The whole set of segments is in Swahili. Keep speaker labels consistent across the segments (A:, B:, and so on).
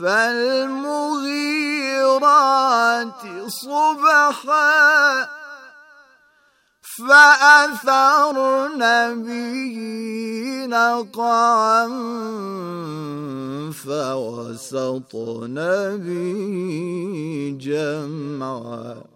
A: فالمغيرات صبحا فأثرن به نقعا فوسطن به جمعا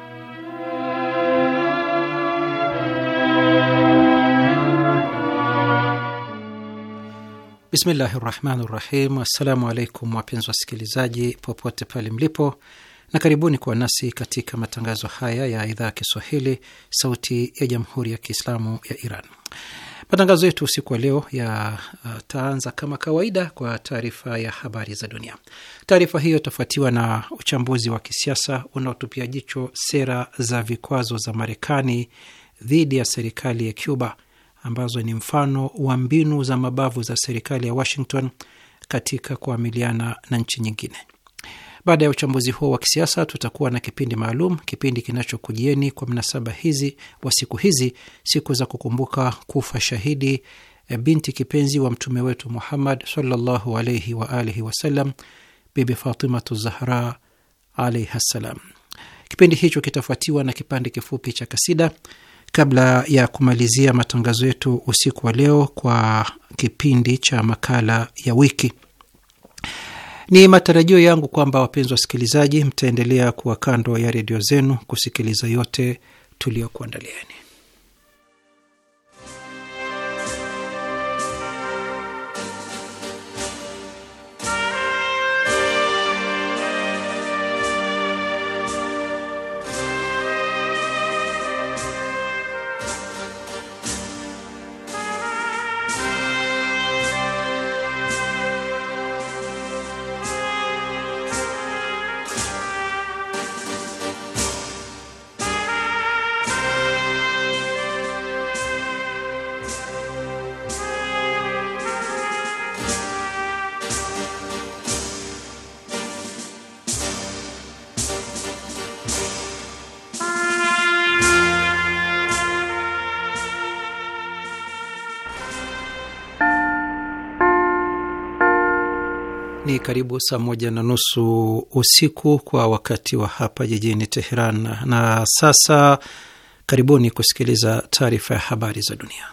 B: Bismillahi rahmani rahim. Assalamu alaikum wapenzi wasikilizaji popote pale mlipo, na karibuni kuwa nasi katika matangazo haya ya idhaa ya Kiswahili sauti ya jamhuri ya Kiislamu ya Iran. Matangazo yetu usiku wa leo yataanza kama kawaida kwa taarifa ya habari za dunia. Taarifa hiyo itafuatiwa na uchambuzi wa kisiasa unaotupia jicho sera za vikwazo za Marekani dhidi ya serikali ya Cuba ambazo ni mfano wa mbinu za mabavu za serikali ya Washington katika kuamiliana na nchi nyingine. Baada ya uchambuzi huo wa kisiasa, tutakuwa na kipindi maalum, kipindi kinachokujieni kwa mnasaba hizi wa siku hizi, siku za kukumbuka kufa shahidi eh, binti kipenzi wa mtume wetu Muhammad sallallahu alaihi wa alihi wasallam, Bibi Fatimatu Zahra alaihi ssalam. Kipindi hicho kitafuatiwa na kipande kifupi cha kasida. Kabla ya kumalizia matangazo yetu usiku wa leo kwa kipindi cha makala ya wiki, ni matarajio yangu kwamba wapenzi wasikilizaji, mtaendelea kuwa kando ya redio zenu kusikiliza yote tuliyokuandaliani. ni karibu saa moja na nusu usiku kwa wakati wa hapa jijini Teheran. Na sasa karibuni kusikiliza taarifa ya habari za dunia,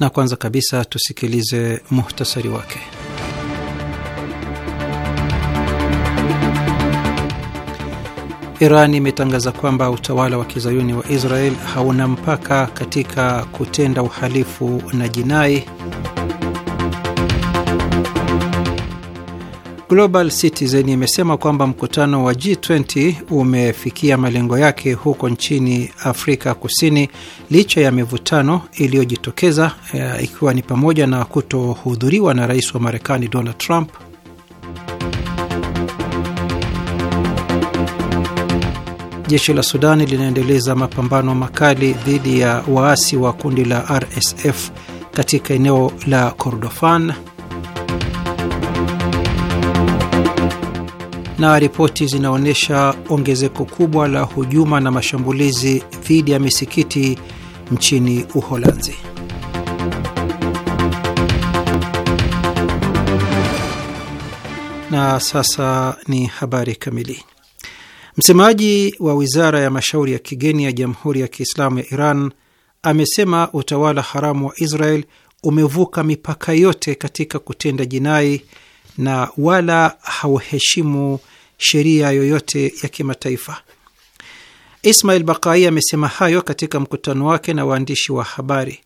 B: na kwanza kabisa tusikilize muhtasari wake. Iran imetangaza kwamba utawala wa kizayuni wa Israel hauna mpaka katika kutenda uhalifu na jinai. Global Citizen imesema kwamba mkutano wa G20 umefikia malengo yake huko nchini Afrika Kusini licha ya mivutano iliyojitokeza, eh, ikiwa ni pamoja na kutohudhuriwa na rais wa Marekani Donald Trump jeshi la Sudani linaendeleza mapambano makali dhidi ya waasi wa kundi la RSF katika eneo la Kordofan. Na ripoti zinaonyesha ongezeko kubwa la hujuma na mashambulizi dhidi ya misikiti nchini Uholanzi. Na sasa ni habari kamili. Msemaji wa wizara ya mashauri ya kigeni ya Jamhuri ya Kiislamu ya Iran amesema utawala haramu wa Israel umevuka mipaka yote katika kutenda jinai na wala hauheshimu sheria yoyote ya kimataifa. Ismail Bakai amesema hayo katika mkutano wake na waandishi wa habari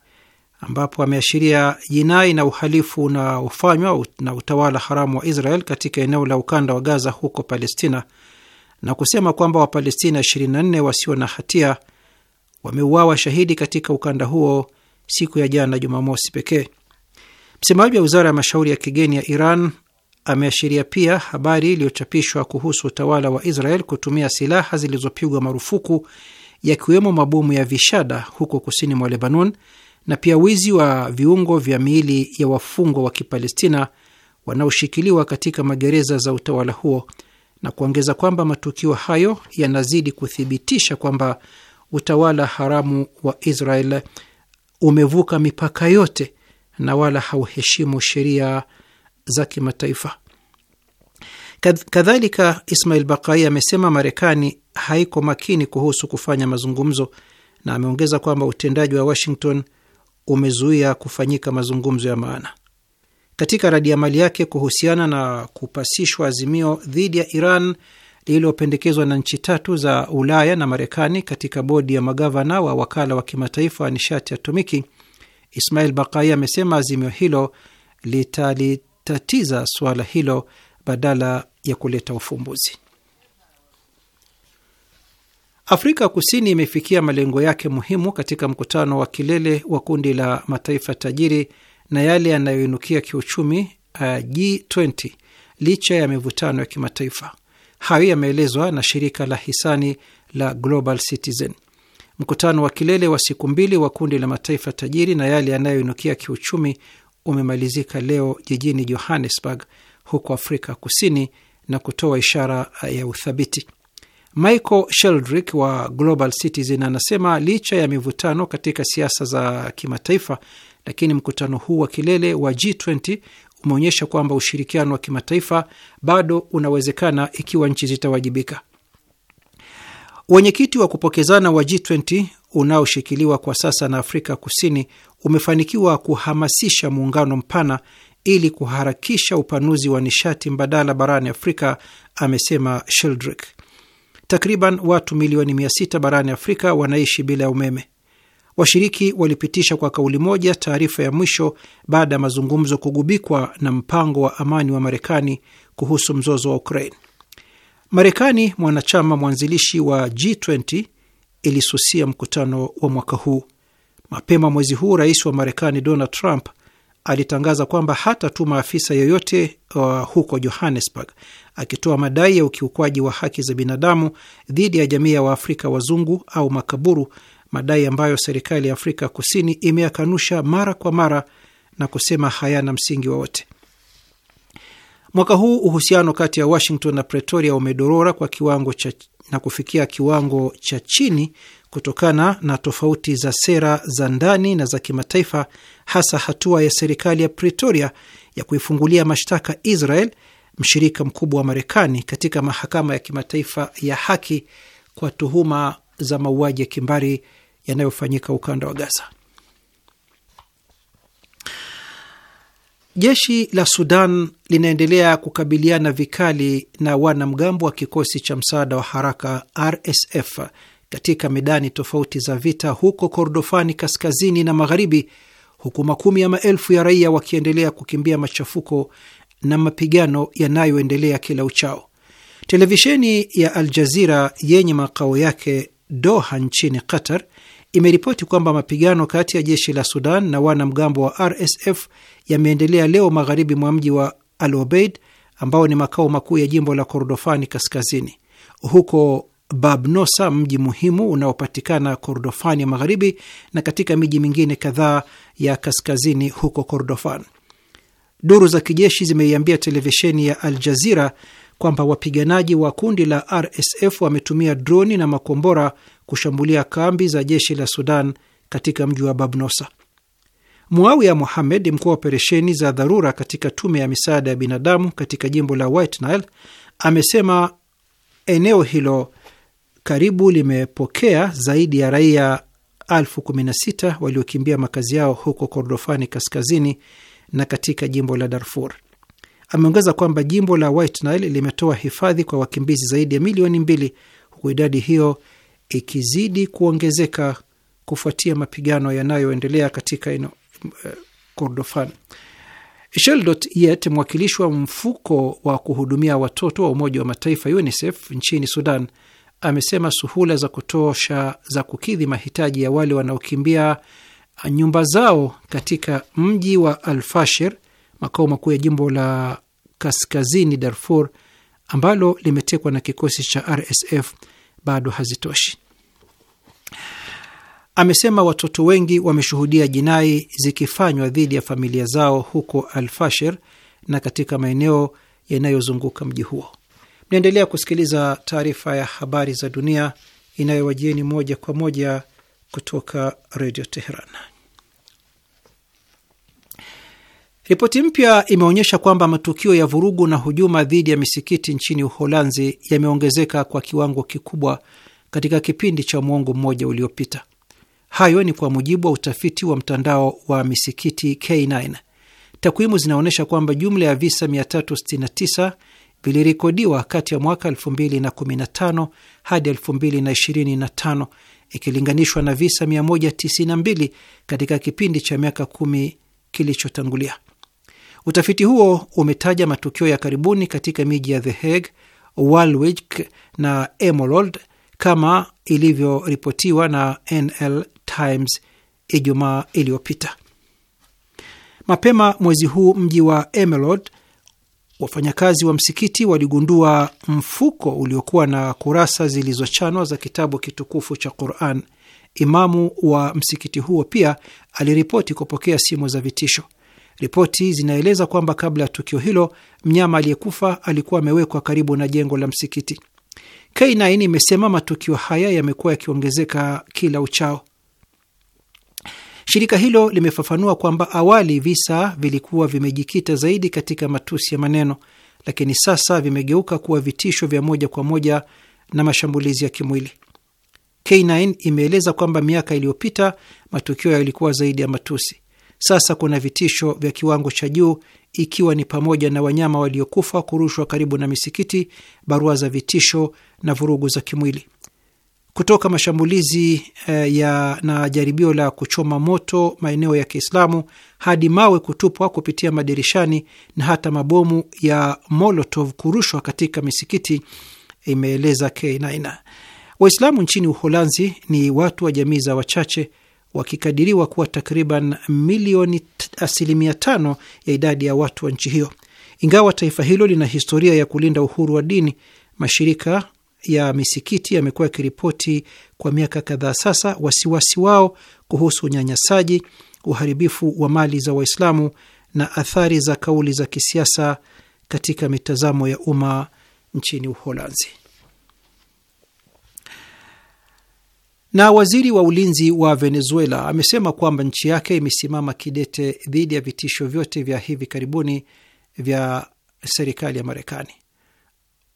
B: ambapo ameashiria jinai na uhalifu unaofanywa na utawala haramu wa Israel katika eneo la ukanda wa Gaza huko Palestina na kusema kwamba Wapalestina 24 wasio na hatia wameuawa shahidi katika ukanda huo siku ya jana Jumamosi pekee. Msemaji wa wizara ya mashauri ya kigeni ya Iran ameashiria pia habari iliyochapishwa kuhusu utawala wa Israel kutumia silaha zilizopigwa marufuku yakiwemo mabomu ya vishada huko kusini mwa Lebanon na pia wizi wa viungo vya miili ya wafungwa wa Kipalestina wanaoshikiliwa katika magereza za utawala huo na kuongeza kwamba matukio hayo yanazidi kuthibitisha kwamba utawala haramu wa Israel umevuka mipaka yote na wala hauheshimu sheria za kimataifa. Kadhalika, Ismail Bakai amesema Marekani haiko makini kuhusu kufanya mazungumzo, na ameongeza kwamba utendaji wa Washington umezuia kufanyika mazungumzo ya maana katika radiamali yake kuhusiana na kupasishwa azimio dhidi ya Iran lililopendekezwa na nchi tatu za Ulaya na Marekani katika bodi ya magavana wa wakala wa kimataifa wa nishati atomiki, Ismail Bakai amesema azimio hilo litalitatiza suala hilo badala ya kuleta ufumbuzi. Afrika Kusini imefikia malengo yake muhimu katika mkutano wa kilele wa kundi la mataifa tajiri na yale yanayoinukia kiuchumi uh, G20 licha ya mivutano ya kimataifa. Hayo yameelezwa na shirika la hisani la Global Citizen. Mkutano wa kilele wa siku mbili wa kundi la mataifa tajiri na yale yanayoinukia kiuchumi umemalizika leo jijini Johannesburg huko Afrika Kusini na kutoa ishara uh, ya uthabiti. Michael Sheldrick wa Global Citizen anasema licha ya mivutano katika siasa za kimataifa, lakini mkutano huu wa kilele wa G20 umeonyesha kwamba ushirikiano wa kimataifa bado unawezekana ikiwa nchi zitawajibika. Wenyekiti wa kupokezana wa G20 unaoshikiliwa kwa sasa na Afrika Kusini umefanikiwa kuhamasisha muungano mpana ili kuharakisha upanuzi wa nishati mbadala barani Afrika, amesema Sheldrick. Takriban watu milioni 6 barani Afrika wanaishi bila ya umeme. Washiriki walipitisha kwa kauli moja taarifa ya mwisho baada ya mazungumzo kugubikwa na mpango wa amani wa Marekani kuhusu mzozo wa Ukraine. Marekani, mwanachama mwanzilishi wa G20, ilisusia mkutano wa mwaka huu. Mapema mwezi huu, rais wa Marekani Donald Trump alitangaza kwamba hatatuma afisa yoyote uh, huko Johannesburg, akitoa madai ya ukiukwaji wa haki za binadamu dhidi ya jamii ya Waafrika wazungu au makaburu madai ambayo serikali ya Afrika Kusini imeyakanusha mara kwa mara na kusema hayana msingi wowote. Mwaka huu uhusiano kati ya Washington na Pretoria umedorora kwa kiwango cha na kufikia kiwango cha chini kutokana na tofauti za sera za ndani na za kimataifa, hasa hatua ya serikali ya Pretoria ya kuifungulia mashtaka Israel, mshirika mkubwa wa Marekani, katika mahakama ya kimataifa ya haki kwa tuhuma za mauaji ya kimbari yanayofanyika ukanda wa Gaza. Jeshi la Sudan linaendelea kukabiliana vikali na wanamgambo wa kikosi cha msaada wa haraka RSF katika medani tofauti za vita huko Kordofani kaskazini na magharibi, huku makumi ya maelfu ya raia wakiendelea kukimbia machafuko na mapigano yanayoendelea kila uchao. Televisheni ya Al Jazira yenye makao yake Doha nchini Qatar imeripoti kwamba mapigano kati ya jeshi la Sudan na wanamgambo wa RSF yameendelea leo magharibi mwa mji wa Al Obeid ambao ni makao makuu ya jimbo la Kordofani Kaskazini. Huko Babnosa, mji muhimu unaopatikana Kordofani ya Magharibi, na katika miji mingine kadhaa ya kaskazini huko Kordofan. Duru za kijeshi zimeiambia televisheni ya Al Jazira kwamba wapiganaji wa kundi la RSF wametumia droni na makombora kushambulia kambi za jeshi la Sudan katika mji wa Babnosa. Muawiya Mohamed, mkuu wa operesheni za dharura katika tume ya misaada ya binadamu katika jimbo la White Nile, amesema eneo hilo karibu limepokea zaidi ya raia elfu kumi na sita waliokimbia makazi yao huko Kordofani kaskazini na katika jimbo la Darfur. Ameongeza kwamba jimbo la White Nile limetoa hifadhi kwa wakimbizi zaidi ya milioni mbili huku idadi hiyo ikizidi kuongezeka kufuatia mapigano yanayoendelea katika ino, uh, eh, Kordofan. Sheldot Yet, mwakilishi wa mfuko wa kuhudumia watoto wa Umoja wa Mataifa UNICEF nchini Sudan, amesema suhula za kutosha za kukidhi mahitaji ya wale wanaokimbia nyumba zao katika mji wa Alfashir, makao makuu ya jimbo la kaskazini Darfur ambalo limetekwa na kikosi cha RSF bado hazitoshi. Amesema watoto wengi wameshuhudia jinai zikifanywa dhidi ya familia zao huko Alfashir na katika maeneo yanayozunguka mji huo. Mnaendelea kusikiliza taarifa ya habari za dunia inayowajieni moja kwa moja kutoka Redio Teheran. Ripoti mpya imeonyesha kwamba matukio ya vurugu na hujuma dhidi ya misikiti nchini Uholanzi yameongezeka kwa kiwango kikubwa katika kipindi cha mwongo mmoja uliopita. Hayo ni kwa mujibu wa utafiti wa mtandao wa misikiti K9. Takwimu zinaonyesha kwamba jumla ya visa 369 vilirekodiwa kati ya mwaka 2015 hadi 2025 ikilinganishwa na visa 192 katika kipindi cha miaka kumi kilichotangulia. Utafiti huo umetaja matukio ya karibuni katika miji ya The Hague, Walwijk na Emerald kama ilivyoripotiwa na NL Times Ijumaa iliyopita. Mapema mwezi huu mji wa Emerald, wafanyakazi wa msikiti waligundua mfuko uliokuwa na kurasa zilizochanwa za kitabu kitukufu cha Quran. Imamu wa msikiti huo pia aliripoti kupokea simu za vitisho. Ripoti zinaeleza kwamba kabla ya tukio hilo mnyama aliyekufa alikuwa amewekwa karibu na jengo la msikiti. K9 imesema matukio haya yamekuwa yakiongezeka kila uchao. Shirika hilo limefafanua kwamba awali visa vilikuwa vimejikita zaidi katika matusi ya maneno, lakini sasa vimegeuka kuwa vitisho vya moja kwa moja na mashambulizi ya kimwili. K9 imeeleza kwamba miaka iliyopita matukio yalikuwa zaidi ya matusi. Sasa kuna vitisho vya kiwango cha juu, ikiwa ni pamoja na wanyama waliokufa kurushwa karibu na misikiti, barua za vitisho na vurugu za kimwili kutoka mashambulizi eh, ya na jaribio la kuchoma moto maeneo ya Kiislamu hadi mawe kutupwa kupitia madirishani na hata mabomu ya Molotov kurushwa katika misikiti, imeeleza K9. Waislamu nchini Uholanzi ni watu wa jamii za wachache wakikadiriwa kuwa takriban milioni asilimia tano ya idadi ya watu wa nchi hiyo. Ingawa taifa hilo lina historia ya kulinda uhuru wa dini, mashirika ya misikiti yamekuwa yakiripoti kwa miaka kadhaa sasa wasiwasi wao kuhusu unyanyasaji, uharibifu wa mali za Waislamu na athari za kauli za kisiasa katika mitazamo ya umma nchini Uholanzi. Na waziri wa ulinzi wa Venezuela amesema kwamba nchi yake imesimama kidete dhidi ya vitisho vyote vya hivi karibuni vya serikali ya Marekani.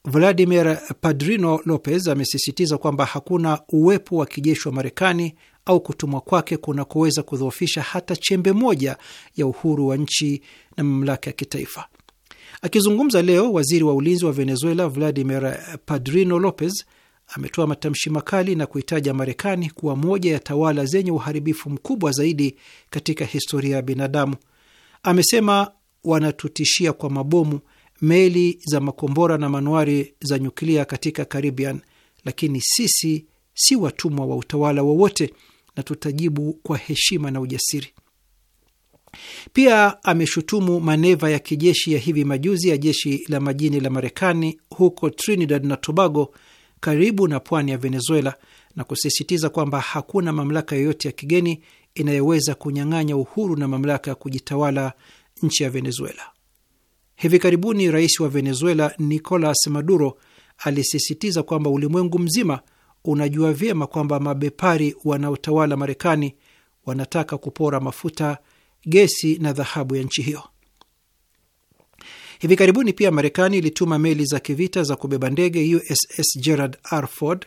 B: Vladimir Padrino Lopez amesisitiza kwamba hakuna uwepo wa kijeshi wa Marekani au kutumwa kwake kunakoweza kudhoofisha hata chembe moja ya uhuru wa nchi na mamlaka ya kitaifa. Akizungumza leo, waziri wa ulinzi wa Venezuela Vladimir Padrino Lopez ametoa matamshi makali na kuitaja Marekani kuwa moja ya tawala zenye uharibifu mkubwa zaidi katika historia ya binadamu. Amesema wanatutishia kwa mabomu, meli za makombora na manuari za nyuklia katika Caribbean, lakini sisi si watumwa wa utawala wowote na tutajibu kwa heshima na ujasiri. Pia ameshutumu maneva ya kijeshi ya hivi majuzi ya jeshi la majini la Marekani huko Trinidad na Tobago karibu na pwani ya Venezuela na kusisitiza kwamba hakuna mamlaka yoyote ya kigeni inayoweza kunyang'anya uhuru na mamlaka ya kujitawala nchi ya Venezuela. Hivi karibuni rais wa Venezuela Nicolas Maduro alisisitiza kwamba ulimwengu mzima unajua vyema kwamba mabepari wanaotawala Marekani wanataka kupora mafuta, gesi na dhahabu ya nchi hiyo. Hivi karibuni pia Marekani ilituma meli za kivita za kubeba ndege USS Gerald R. Ford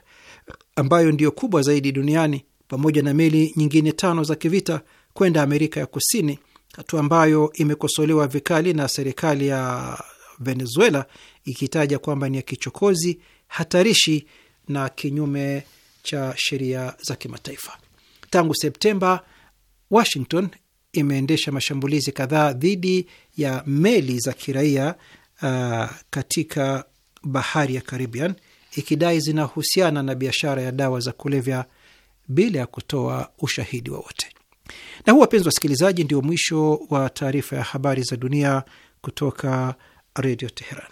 B: ambayo ndiyo kubwa zaidi duniani pamoja na meli nyingine tano za kivita kwenda Amerika ya Kusini, hatua ambayo imekosolewa vikali na serikali ya Venezuela ikitaja kwamba ni ya kichokozi, hatarishi na kinyume cha sheria za kimataifa. Tangu Septemba, Washington imeendesha mashambulizi kadhaa dhidi ya meli za kiraia uh, katika bahari ya Caribbean ikidai zinahusiana na biashara ya dawa za kulevya bila ya kutoa ushahidi wowote. Na huu, wapenzi wasikilizaji, ndio mwisho wa taarifa ya habari za dunia kutoka Redio Teheran.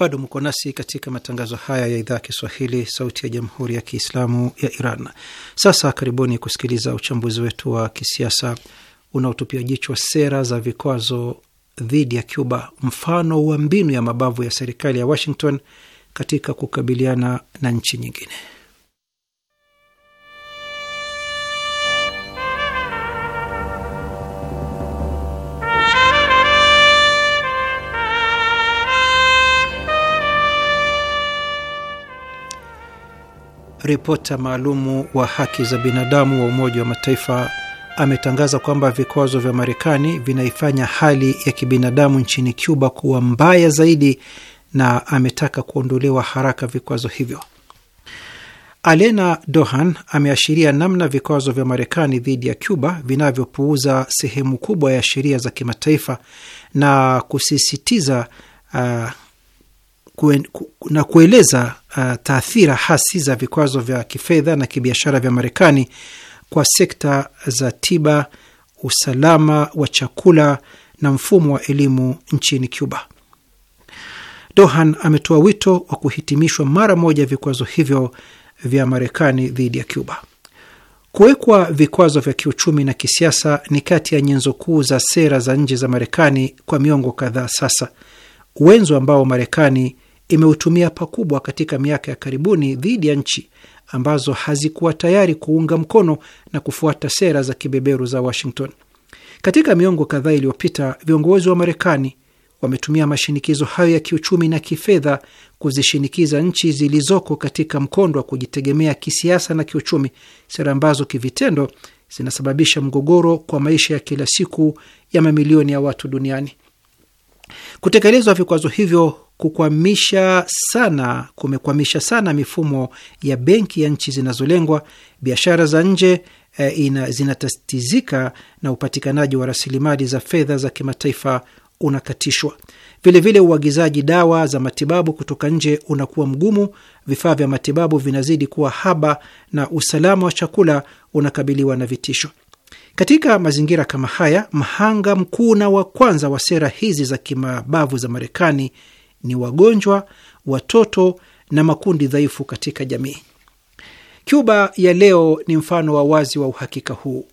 B: Bado mko nasi katika matangazo haya ya idhaa ya Kiswahili, sauti ya jamhuri ya kiislamu ya Iran. Sasa karibuni kusikiliza uchambuzi wetu wa kisiasa unaotupia jichwa sera za vikwazo dhidi ya Cuba, mfano wa mbinu ya mabavu ya serikali ya Washington katika kukabiliana na nchi nyingine. ripota maalumu wa haki za binadamu wa Umoja wa Mataifa ametangaza kwamba vikwazo vya Marekani vinaifanya hali ya kibinadamu nchini Cuba kuwa mbaya zaidi na ametaka kuondolewa haraka vikwazo hivyo. Alena Dohan ameashiria namna vikwazo vya Marekani dhidi ya Cuba vinavyopuuza sehemu kubwa ya sheria za kimataifa na kusisitiza uh, na kueleza uh, taathira hasi za vikwazo vya kifedha na kibiashara vya Marekani kwa sekta za tiba, usalama wa chakula na mfumo wa elimu nchini Cuba. Dohan ametoa wito wa kuhitimishwa mara moja vikwazo hivyo vya Marekani dhidi ya Cuba. Kuwekwa vikwazo vya kiuchumi na kisiasa ni kati ya nyenzo kuu za sera za nje za Marekani kwa miongo kadhaa sasa, wenzo ambao Marekani imeutumia pakubwa katika miaka ya karibuni dhidi ya nchi ambazo hazikuwa tayari kuunga mkono na kufuata sera za kibeberu za Washington. Katika miongo kadhaa iliyopita, viongozi wa Marekani wametumia mashinikizo hayo ya kiuchumi na kifedha kuzishinikiza nchi zilizoko katika mkondo wa kujitegemea kisiasa na kiuchumi, sera ambazo kivitendo zinasababisha mgogoro kwa maisha ya kila siku ya mamilioni ya watu duniani. Kutekelezwa vikwazo hivyo kukwamisha sana kumekwamisha sana mifumo ya benki ya nchi zinazolengwa, biashara za nje e, ina, zinatatizika na upatikanaji wa rasilimali za fedha za kimataifa unakatishwa. Vilevile, uagizaji dawa za matibabu kutoka nje unakuwa mgumu, vifaa vya matibabu vinazidi kuwa haba na usalama wa chakula unakabiliwa na vitisho. Katika mazingira kama haya, mhanga mkuu na wa kwanza wa sera hizi za kimabavu za Marekani ni wagonjwa, watoto na makundi dhaifu katika jamii. Cuba ya leo ni mfano wa wazi wa uhakika huu,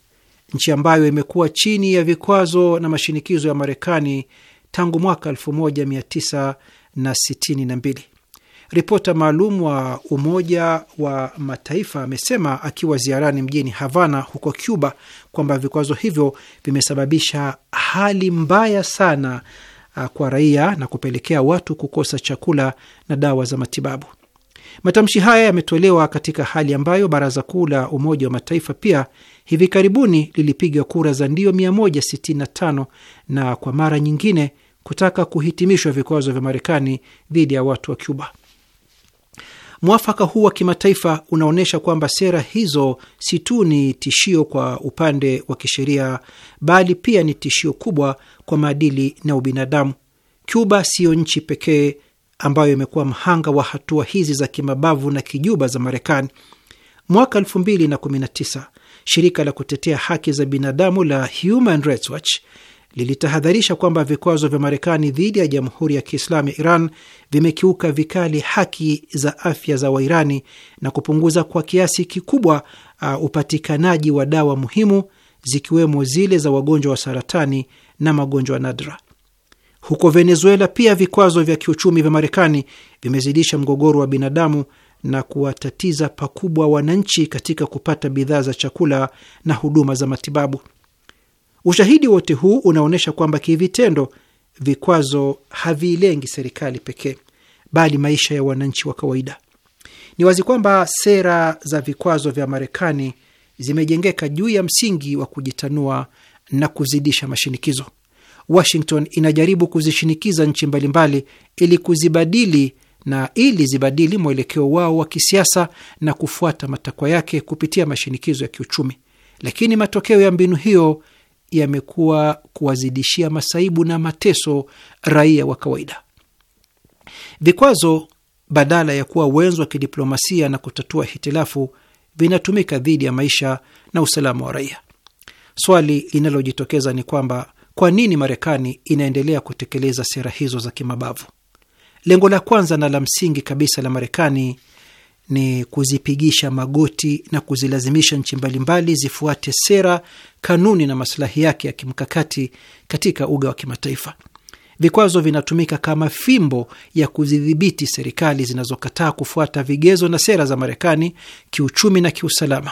B: nchi ambayo imekuwa chini ya vikwazo na mashinikizo ya Marekani tangu mwaka 1962. Ripota maalum wa Umoja wa Mataifa amesema akiwa ziarani mjini Havana huko Cuba kwamba vikwazo hivyo vimesababisha hali mbaya sana uh, kwa raia na kupelekea watu kukosa chakula na dawa za matibabu. Matamshi haya yametolewa katika hali ambayo Baraza Kuu la Umoja wa Mataifa pia hivi karibuni lilipiga kura za ndio 165 na kwa mara nyingine kutaka kuhitimishwa vikwazo vya Marekani dhidi ya watu wa Cuba. Mwafaka huu wa kimataifa unaonyesha kwamba sera hizo si tu ni tishio kwa upande wa kisheria, bali pia ni tishio kubwa kwa maadili na ubinadamu. Cuba siyo nchi pekee ambayo imekuwa mhanga wa hatua hizi za kimabavu na kijuba za Marekani. Mwaka 2019 shirika la kutetea haki za binadamu la Human Rights Watch lilitahadharisha kwamba vikwazo vya Marekani dhidi ya Jamhuri ya Kiislamu ya Iran vimekiuka vikali haki za afya za Wairani na kupunguza kwa kiasi kikubwa uh, upatikanaji wa dawa muhimu zikiwemo zile za wagonjwa wa saratani na magonjwa nadra. Huko Venezuela pia vikwazo vya kiuchumi vya Marekani vimezidisha mgogoro wa binadamu na kuwatatiza pakubwa wananchi katika kupata bidhaa za chakula na huduma za matibabu. Ushahidi wote huu unaonyesha kwamba kivitendo vikwazo havilengi serikali pekee, bali maisha ya wananchi wa kawaida. Ni wazi kwamba sera za vikwazo vya Marekani zimejengeka juu ya msingi wa kujitanua na kuzidisha mashinikizo. Washington inajaribu kuzishinikiza nchi mbalimbali ili kuzibadili na ili zibadili mwelekeo wao wa kisiasa na kufuata matakwa yake kupitia mashinikizo ya kiuchumi, lakini matokeo ya mbinu hiyo yamekuwa kuwazidishia masaibu na mateso raia wa kawaida. Vikwazo badala ya kuwa wenzo wa kidiplomasia na kutatua hitilafu vinatumika dhidi ya maisha na usalama wa raia. Swali linalojitokeza ni kwamba kwa nini Marekani inaendelea kutekeleza sera hizo za kimabavu? Lengo la kwanza na la msingi kabisa la Marekani ni kuzipigisha magoti na kuzilazimisha nchi mbalimbali zifuate sera, kanuni na masilahi yake ya kimkakati katika uga wa kimataifa. Vikwazo vinatumika kama fimbo ya kuzidhibiti serikali zinazokataa kufuata vigezo na sera za Marekani kiuchumi na kiusalama.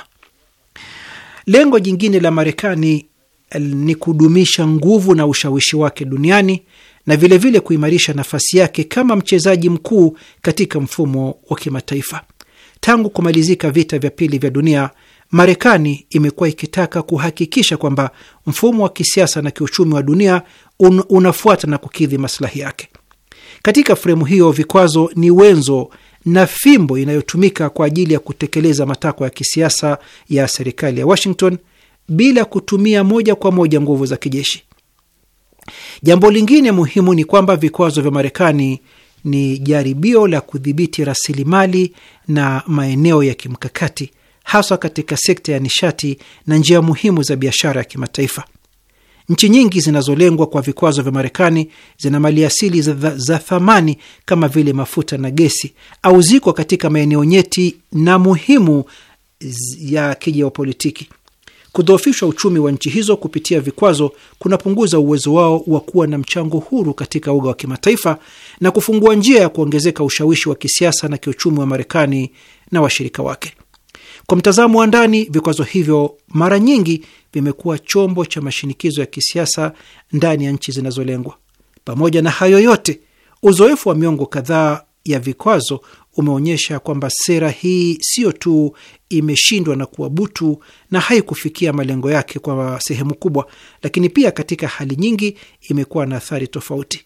B: Lengo jingine la Marekani eh, ni kudumisha nguvu na ushawishi wake duniani na vilevile vile kuimarisha nafasi yake kama mchezaji mkuu katika mfumo wa kimataifa. Tangu kumalizika vita vya pili vya dunia, Marekani imekuwa ikitaka kuhakikisha kwamba mfumo wa kisiasa na kiuchumi wa dunia un unafuata na kukidhi maslahi yake. Katika fremu hiyo, vikwazo ni wenzo na fimbo inayotumika kwa ajili ya kutekeleza matakwa ya kisiasa ya serikali ya Washington bila kutumia moja kwa moja nguvu za kijeshi. Jambo lingine muhimu ni kwamba vikwazo vya Marekani ni jaribio la kudhibiti rasilimali na maeneo ya kimkakati haswa katika sekta ya nishati na njia muhimu za biashara ya kimataifa. Nchi nyingi zinazolengwa kwa vikwazo vya Marekani zina asili za, za thamani kama vile mafuta na gesi au ziko katika maeneo nyeti na muhimu ya kijiopolitiki. Kudhoofishwa uchumi wa nchi hizo kupitia vikwazo kunapunguza uwezo wao wa kuwa na mchango huru katika uga wa kimataifa na kufungua njia ya kuongezeka ushawishi wa kisiasa na kiuchumi wa Marekani na washirika wake. Kwa mtazamo wa ndani, vikwazo hivyo mara nyingi vimekuwa chombo cha mashinikizo ya kisiasa ndani ya nchi zinazolengwa. Pamoja na hayo yote, uzoefu wa miongo kadhaa ya vikwazo umeonyesha kwamba sera hii siyo tu imeshindwa na kuwa butu na haikufikia malengo yake kwa sehemu kubwa, lakini pia katika hali nyingi imekuwa na athari tofauti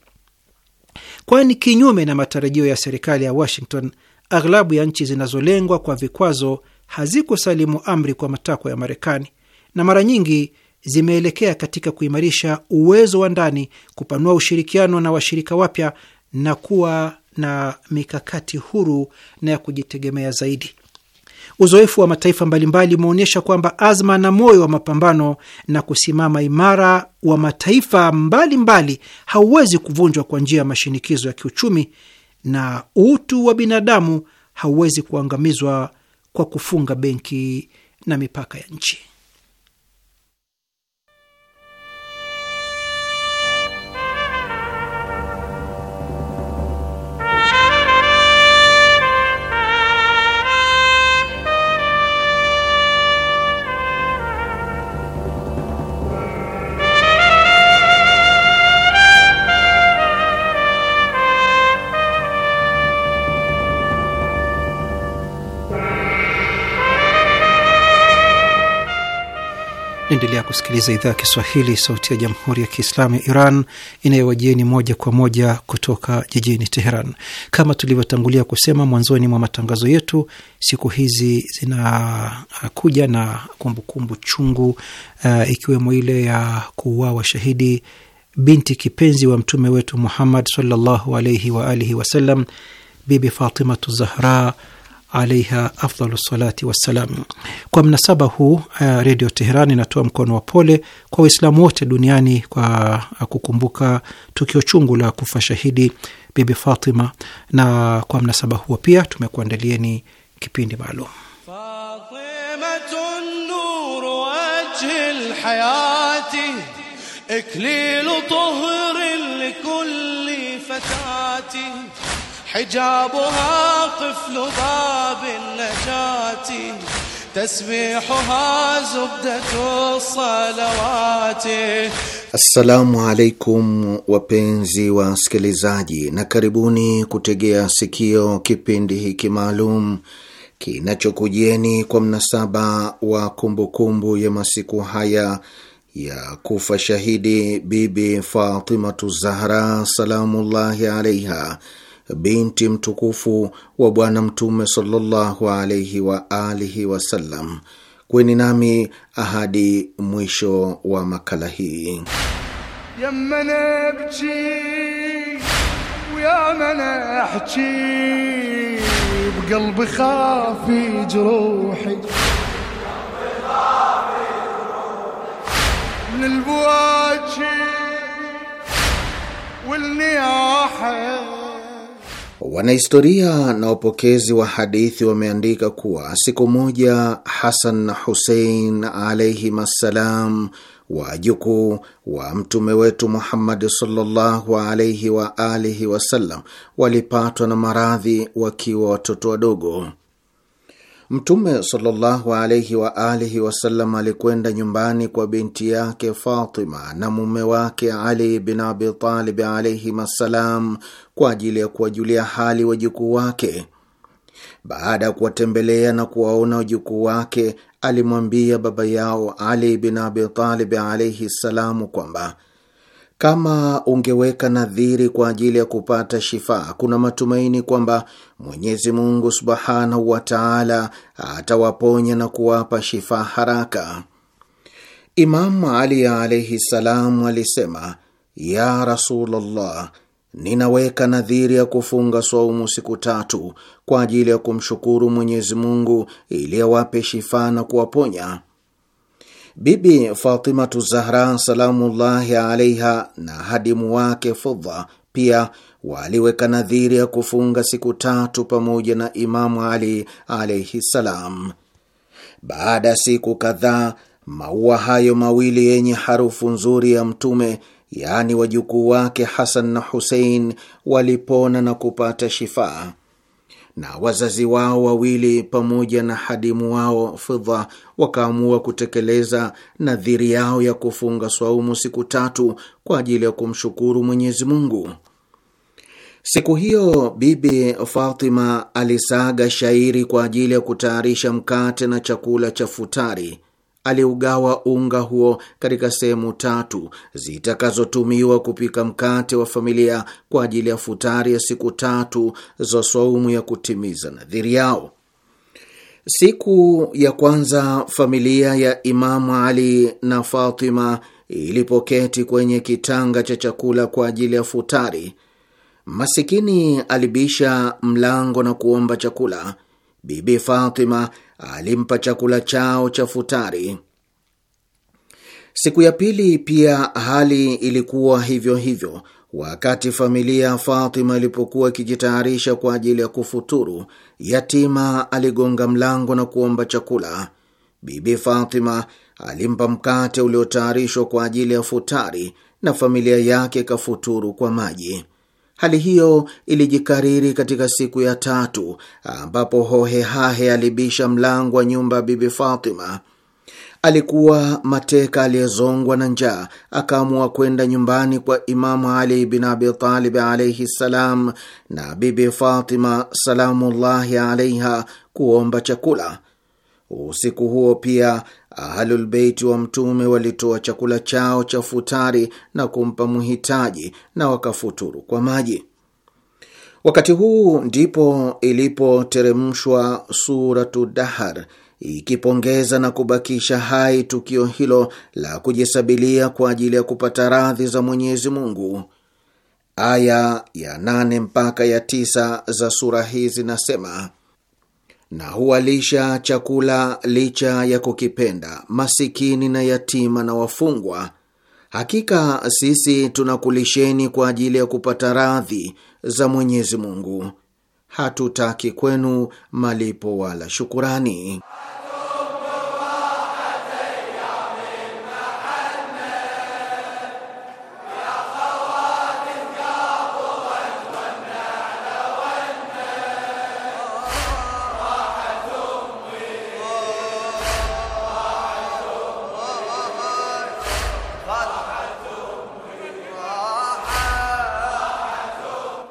B: kwani kinyume na matarajio ya serikali ya Washington, aghlabu ya nchi zinazolengwa kwa vikwazo hazikusalimu amri kwa matakwa ya Marekani na mara nyingi zimeelekea katika kuimarisha uwezo wa ndani, kupanua ushirikiano na washirika wapya na kuwa na mikakati huru na ya kujitegemea zaidi. Uzoefu wa mataifa mbalimbali umeonyesha kwamba azma na moyo wa mapambano na kusimama imara wa mataifa mbalimbali hauwezi kuvunjwa kwa njia ya mashinikizo ya kiuchumi na utu wa binadamu hauwezi kuangamizwa kwa kufunga benki na mipaka ya nchi. Naendelea kusikiliza idhaa ya Kiswahili, sauti ya jamhuri ya kiislamu ya Iran inayowajieni moja kwa moja kutoka jijini Teheran. Kama tulivyotangulia kusema mwanzoni mwa matangazo yetu, siku hizi zinakuja na kumbukumbu chungu, uh, ikiwemo ile ya kuuawa shahidi binti kipenzi wa mtume wetu Muhammad sallallahu alaihi waalihi wasallam, Bibi Fatimatu Zahra alaiha afdhalu salati wassalam. Kwa mnasaba huu uh, Redio Teheran inatoa mkono wa pole kwa Waislamu wote duniani kwa uh, kukumbuka tukio chungu la kufa shahidi Bibi Fatima, na kwa mnasaba huo pia tumekuandalieni kipindi maalum
C: Fatima حجابها قفل باب النجاة تسبيحها زبدة الصلوات
D: Assalamu alaikum wapenzi wasikilizaji, na karibuni kutegea sikio kipindi hiki maalum kinachokujieni kwa mnasaba wa kumbukumbu kumbu ya masiku haya ya kufa shahidi Bibi Fatimatu Zahra salamullahi alaiha binti mtukufu wa Bwana Mtume sallallahu alaihi wa alihi wasallam. Kweni nami ahadi mwisho wa makala hii. Wanahistoria na wapokezi wa hadithi wameandika kuwa siku moja Hasan na Husein alaihim assalam, wajukuu wa mtume wetu Muhammadi sallallahu alaihi wa alihi wasallam, walipatwa na maradhi wakiwa watoto wadogo. Mtume sallallahu alaihi wa alihi wasallam alikwenda nyumbani kwa binti yake Fatima na mume wake Ali bin Abitalib alaihim assalam kwa ajili ya kuwajulia hali wajukuu wake. Baada ya kuwatembelea na kuwaona wajukuu wake, alimwambia baba yao Ali bin Abitalib alaihi ssalamu kwamba kama ungeweka nadhiri kwa ajili ya kupata shifaa, kuna matumaini kwamba Mwenyezi Mungu subhanahu wa taala atawaponya na kuwapa shifaa haraka. Imamu Ali alaihi salam alisema, ya Rasulullah, ninaweka nadhiri ya kufunga swaumu siku tatu kwa ajili ya kumshukuru Mwenyezi Mungu ili awape shifaa na kuwaponya. Bibi Fatimatu Zahra salamullahi alaiha na hadimu wake Fudha pia waliweka nadhiri ya kufunga siku tatu pamoja na Imamu Ali alaihi salam. Baada ya siku kadhaa, maua hayo mawili yenye harufu nzuri ya Mtume, yaani wajukuu wake Hasan na Husein walipona na kupata shifaa na wazazi wao wawili pamoja na hadimu wao Fidha wakaamua kutekeleza nadhiri yao ya kufunga swaumu siku tatu kwa ajili ya kumshukuru Mwenyezi Mungu. Siku hiyo Bibi Fatima alisaga shairi kwa ajili ya kutayarisha mkate na chakula cha futari aliugawa unga huo katika sehemu tatu zitakazotumiwa kupika mkate wa familia kwa ajili ya futari ya siku tatu za swaumu ya kutimiza nadhiri yao. Siku ya kwanza familia ya Imamu Ali na Fatima ilipoketi kwenye kitanga cha chakula kwa ajili ya futari, masikini alibisha mlango na kuomba chakula. Bibi Fatima alimpa chakula chao cha futari. Siku ya pili pia hali ilikuwa hivyo hivyo. Wakati familia ya Fatima ilipokuwa ikijitayarisha kwa ajili ya kufuturu, yatima aligonga mlango na kuomba chakula. Bibi Fatima alimpa mkate uliotayarishwa kwa ajili ya futari na familia yake ikafuturu kwa maji. Hali hiyo ilijikariri katika siku ya tatu, ambapo hohehahe alibisha mlango wa nyumba ya Bibi Fatima. Alikuwa mateka aliyezongwa na njaa, akaamua kwenda nyumbani kwa Imamu Ali bin Abi Talib alaihi ssalam na Bibi Fatima salamullahi alaiha kuomba chakula. Usiku huo pia Ahlulbeiti wa Mtume walitoa chakula chao cha futari na kumpa mhitaji na wakafuturu kwa maji. Wakati huu ndipo ilipoteremshwa Suratu Dahar ikipongeza na kubakisha hai tukio hilo la kujisabilia kwa ajili ya kupata radhi za Mwenyezi Mungu. Aya ya nane mpaka ya tisa za sura hii zinasema na huwalisha chakula licha ya kukipenda masikini na yatima na wafungwa. Hakika sisi tunakulisheni kwa ajili ya kupata radhi za Mwenyezi Mungu, hatutaki kwenu malipo wala shukurani.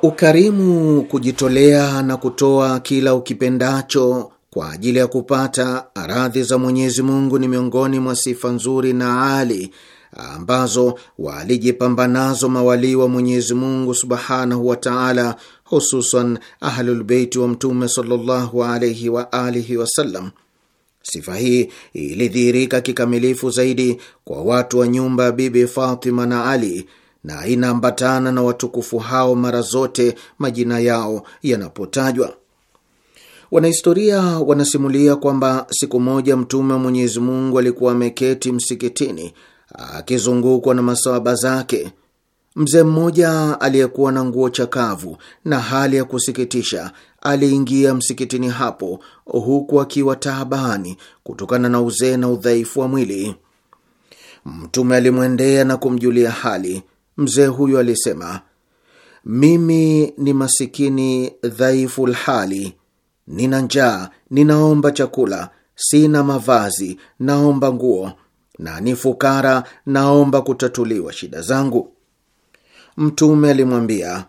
D: Ukarimu, kujitolea na kutoa kila ukipendacho kwa ajili ya kupata radhi za Mwenyezi Mungu ni miongoni mwa sifa nzuri na ali ambazo walijipamba nazo mawalii wa Mwenyezi Mungu subhanahu wa taala, hususan Ahlulbeiti wa Mtume sallallahu alaihi wa alihi wasallam. Sifa hii ilidhihirika kikamilifu zaidi kwa watu wa nyumba ya Bibi Fatima na Ali na inaambatana na watukufu hao mara zote majina yao yanapotajwa. Wanahistoria wanasimulia kwamba siku moja Mtume wa Mwenyezi Mungu alikuwa ameketi msikitini akizungukwa na masahaba zake. Mzee mmoja aliyekuwa na nguo chakavu na hali ya kusikitisha aliingia msikitini hapo, huku akiwa taabani kutokana na uzee na udhaifu wa mwili. Mtume alimwendea na kumjulia hali. Mzee huyo alisema, mimi ni masikini dhaifu lhali, nina njaa, ninaomba chakula, sina mavazi, naomba nguo, na ni fukara, naomba kutatuliwa shida zangu. Mtume alimwambia,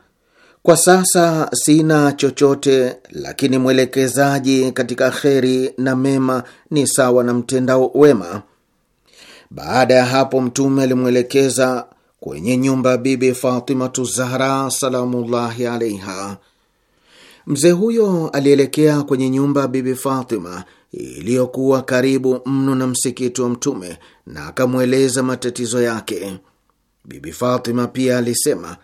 D: kwa sasa sina chochote, lakini mwelekezaji katika kheri na mema ni sawa na mtendao wema. Baada ya hapo, Mtume alimwelekeza kwenye nyumba ya Bibi Fatimatu Zahra salamullahi alaiha. Mzee huyo alielekea kwenye nyumba ya Bibi Fatima iliyokuwa karibu mno na msikiti wa Mtume na akamweleza matatizo yake. Bibi Fatima pia alisema,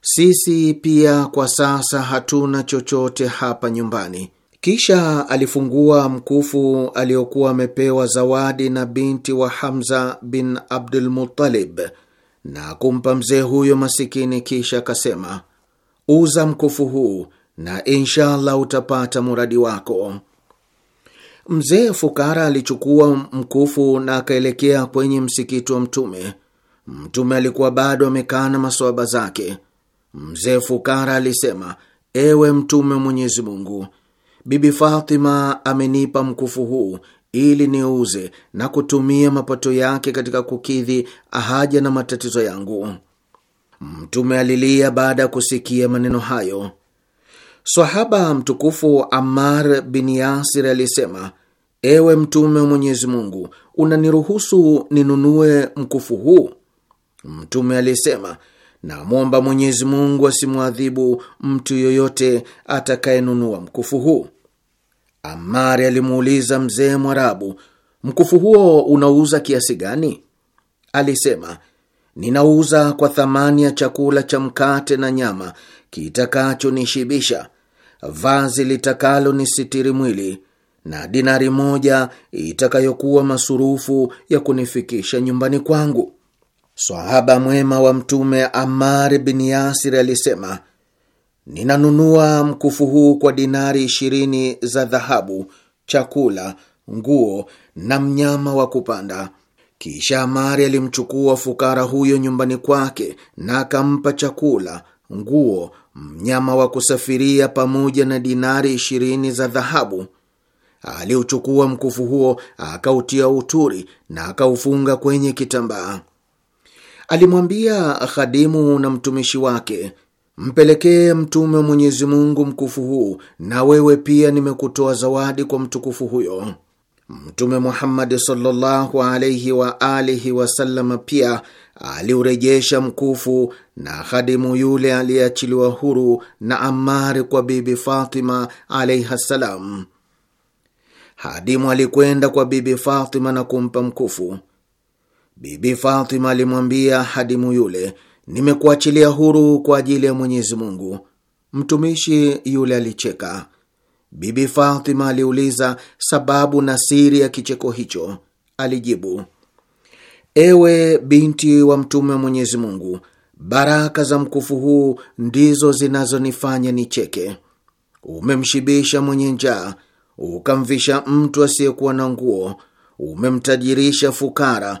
D: sisi pia kwa sasa hatuna chochote hapa nyumbani. Kisha alifungua mkufu aliokuwa amepewa zawadi na binti wa Hamza bin Abdul Muttalib na kumpa mzee huyo masikini, kisha akasema, uza mkufu huu na inshallah utapata muradi wako. Mzee fukara alichukua mkufu na akaelekea kwenye msikiti wa Mtume. Mtume alikuwa bado amekaa na masoaba zake. Mzee fukara alisema, ewe Mtume Mwenyezi Mungu, Bibi Fatima amenipa mkufu huu ili niuze na kutumia mapato yake katika kukidhi haja na matatizo yangu. Mtume alilia baada ya kusikia maneno hayo. Swahaba mtukufu amar bin Yasir alisema, ewe Mtume wa Mwenyezi Mungu, unaniruhusu ninunue mkufu huu? Mtume alisema, namwomba Mwenyezi Mungu asimwadhibu mtu yoyote atakayenunua mkufu huu. Amari alimuuliza mzee Mwarabu, mkufu huo unauza kiasi gani? Alisema, ninauza kwa thamani ya chakula cha mkate na nyama kitakachonishibisha, vazi litakalonisitiri mwili na dinari moja itakayokuwa masurufu ya kunifikisha nyumbani kwangu. Swahaba mwema wa Mtume Amar bin Yasir alisema Ninanunua mkufu huu kwa dinari ishirini za dhahabu, chakula, nguo na mnyama wa kupanda. Kisha Amari alimchukua fukara huyo nyumbani kwake na akampa chakula, nguo, mnyama wa kusafiria pamoja na dinari ishirini za dhahabu. Aliuchukua mkufu huo akautia uturi na akaufunga kwenye kitambaa. Alimwambia khadimu na mtumishi wake Mpelekee mtume wa Mwenyezi Mungu mkufu huu, na wewe pia nimekutoa zawadi kwa mtukufu huyo. Mtume Muhammadi sallallahu alaihi wa alihi wasallam pia aliurejesha mkufu na khadimu yule aliyeachiliwa huru na Amari kwa Bibi Fatima alaihi ssalam. Hadimu alikwenda kwa Bibi Fatima na kumpa mkufu. Bibi Fatima alimwambia hadimu yule nimekuachilia huru kwa ajili ya Mwenyezi Mungu. Mtumishi yule alicheka. Bibi Fatima aliuliza sababu na siri ya kicheko hicho. Alijibu, ewe binti wa Mtume wa Mwenyezi Mungu, baraka za mkufu huu ndizo zinazonifanya nicheke. Umemshibisha mwenye njaa, ukamvisha mtu asiyekuwa na nguo, umemtajirisha fukara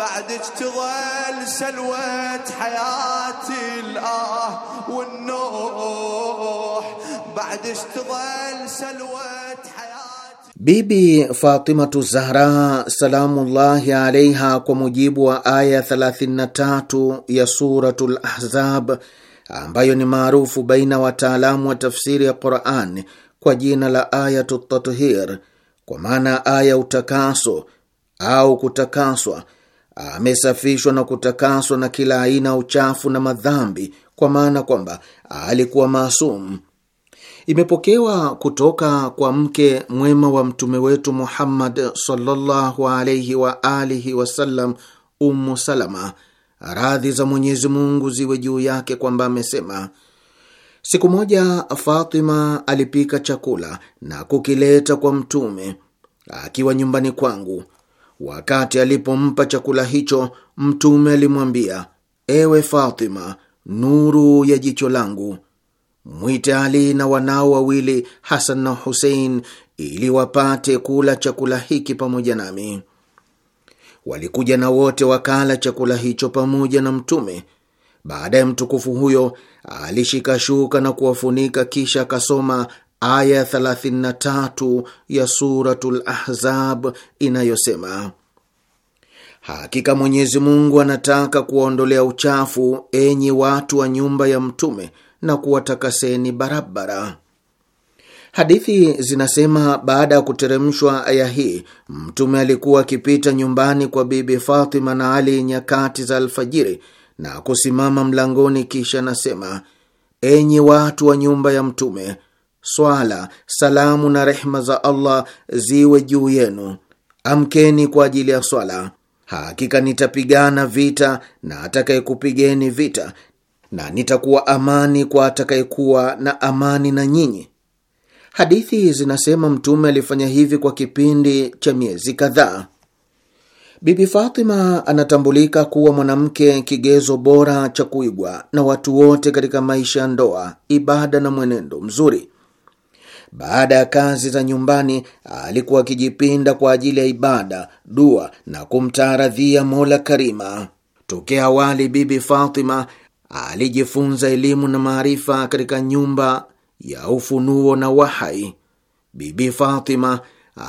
A: بعدك تظل سلوة حياتي الآه والنوح بعدك تظل سلوة
D: Bibi Fatimatu Zahra salamullahi alaiha, kwa mujibu wa aya 33 ya Suratul Ahzab ambayo ni maarufu baina wataalamu wa tafsiri ya Quran kwa jina la Ayatu Tathir, kwa maana aya utakaso au kutakaswa amesafishwa na kutakaswa na kila aina ya uchafu na madhambi, kwa maana kwamba alikuwa maasum. Imepokewa kutoka kwa mke mwema wa mtume wetu Muhammad sallallahu alaihi wa alihi wasallam, Salama, radhi za Mwenyezi Mungu ziwe juu yake, kwamba amesema Siku moja Fatima alipika chakula na kukileta kwa Mtume akiwa nyumbani kwangu. Wakati alipompa chakula hicho, Mtume alimwambia, ewe Fatima, nuru ya jicho langu, mwite Ali na wanao wawili Hasan na Husein ili wapate kula chakula hiki pamoja nami. Walikuja na wote wakala chakula hicho pamoja na Mtume. Baadaye mtukufu huyo alishika shuka na kuwafunika, kisha akasoma aya 33 ya Suratul Ahzab inayosema, hakika Mwenyezi Mungu anataka kuwaondolea uchafu enyi watu wa nyumba ya Mtume na kuwatakaseni barabara. Hadithi zinasema baada ya kuteremshwa aya hii, Mtume alikuwa akipita nyumbani kwa Bibi Fatima na Ali nyakati za alfajiri na kusimama mlangoni, kisha anasema, enyi watu wa nyumba ya Mtume, swala, salamu na rehma za Allah ziwe juu yenu. Amkeni kwa ajili ya swala. Hakika nitapigana vita na atakayekupigeni vita, na nitakuwa amani kwa atakayekuwa na amani na nyinyi. Hadithi zinasema Mtume alifanya hivi kwa kipindi cha miezi kadhaa. Bibi Fatima anatambulika kuwa mwanamke kigezo bora cha kuigwa na watu wote katika maisha ya ndoa, ibada na mwenendo mzuri. Baada ya kazi za nyumbani, alikuwa akijipinda kwa ajili ya ibada, dua na kumtaaradhia Mola Karima. Tokea awali, Bibi Fatima alijifunza elimu na maarifa katika nyumba ya ufunuo na wahai. Bibi Fatima